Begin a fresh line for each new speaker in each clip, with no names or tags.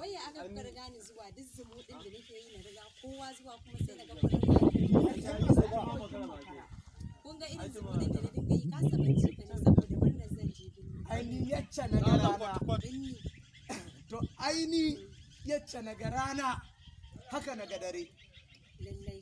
wai ya aka kuka riga ni zuwa duk zumuɗin da nake yi na riga kowa zuwa kuma sai daga ga kuka kun ga irin zumuɗin da na dinga yi ka saba ci ka ne saboda wannan zan je duniya ai ni yacce na ga rana to ai ni yacce na ga rana haka na ga dare lallai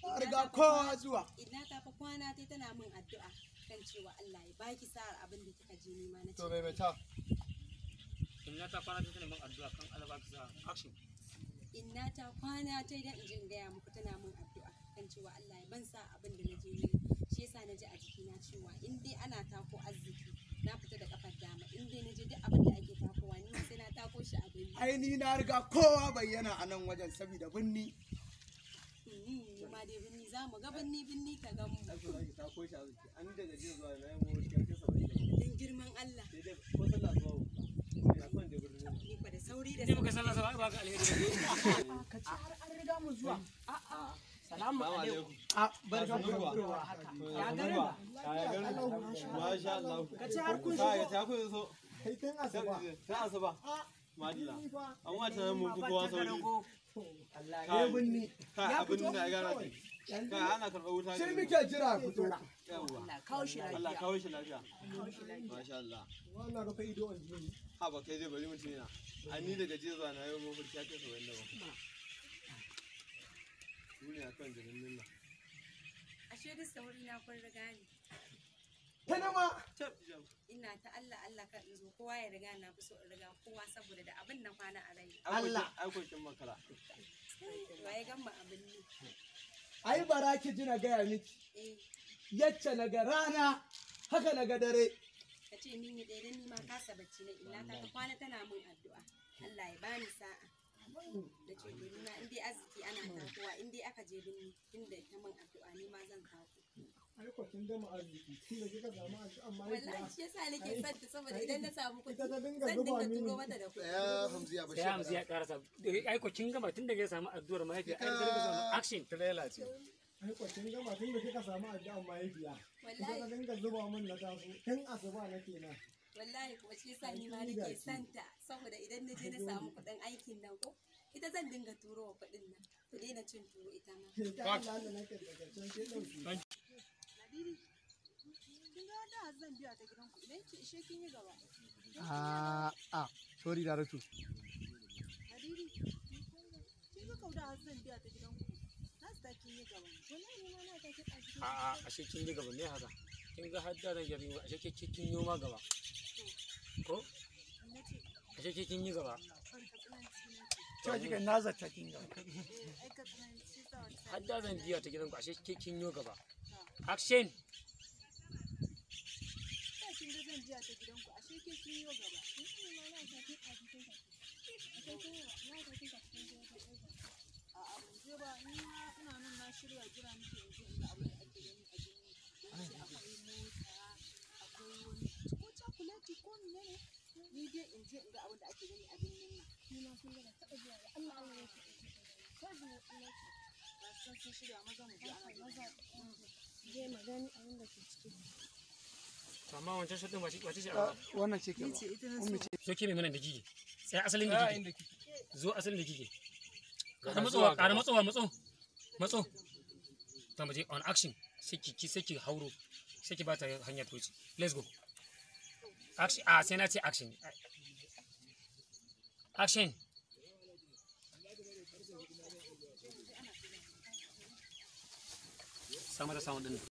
ka riga kowa zuwa ina ta fa kwana tai tana min addu'a kan cewa Allah ya baki sa'ar abin da kika je nema na ce to bai bai ta inna ta kwana tana min addu'a kan alaba ta action inna ta kwana ta idan in gaya muku tana min addu'a kan cewa Allah ya bansa abin da naje ne shi yasa naji a jikina cewa in dai ana tako arziki na fita da kafar dama in dai naje duk abin da ake takowa ni sai na tako shi a gani ai ni na riga kowa bayyana a nan wajen saboda binni girman Allah a'a salamu a barka da Allah ya ya fito Shi muke jira ku tura. kawo shi lafiya. Allah kawo shi lafiya. Masha Allah. Wannan rufe ido a jini. Ha ba kai zai bari mutum yana. A ni daga jeza na yau mafarki ya kai saba'in da ba. Duniya kan nuna. Ashe da sauri na kun riga ni. Ta nama. Ina ta Allah Allah kan zo kowa ya riga na fi so in riga kowa saboda da abin na kwana a rai. Allah. Aikokin makara. gama abin ne. ai bara ki ji na gaya miki eh. yacce na ga rana haka na ga dare ka ce min yi dare ni ma kasa bacci na illa ta ta kwana tana min addu'a Allah ya bani sa'a da ce domin na in dai arziki ana takowa in dai aka je binni inda ta min addu'a ni ma zan kawo kin gama arziki kin da kika samu arziki amma wallahi shi yasa nake son ta saboda idan na samu kuɗi dinga zuba mini zan ya hamziya ya hamziya karasa ai ko kin gama tun da kika samu ai action trailer ce ai ko kin gama tun da kika samu dinga zuba na tun asuba nake na wallahi kuma shi yasa ni ma nake son ta saboda idan na je na samu kuɗin aikin nan ko ita zan dinga turo kuɗin nan daina cin turo ita ma zan biya ta ishe kin yi gaba. Ah sorry Daratu. Hadiri ga kauda har zan biya ta Na ta kin yi gaba. ma na ta kin aji. ashe kin yi gaba haka? Kin ga har gari ashe kin yi ma gaba. Ko? Ashe kin yi gaba. Cewa na zata kin gaba. Eh, har da biya ta gidanku ashe kin yi gaba. Action! hajiya ta gidanku ashe ke kin yi gaba ni ma na ta ke a cikin ka ashe ke na ta ke ka cikin ka a a ban je ba ni ma ina nan na shirya jira miki yanzu inda abin da ake gani a gani sai akwai mota akwai wani ko cakuleti ko ne? ni dai in je in ga abin da ake gani a birnin nan ni ma kun gana taɓa zuwa da Allah Allah ya ce ko da ne ina ce ba san sun shirya maza mu je ana maza je magani abin da ke ciki amma wancan shaddan ba ah, wace ce a wannan ce ke ummi ce so ke mai mana da gige sai asalin da gige zo asalin da gige ka matsowa ka matsowa matso matso to mu je on action sai ki sai ki hauro sai ki bata hanya toci let's go
action a ah, sai na ce action
action sama da sound din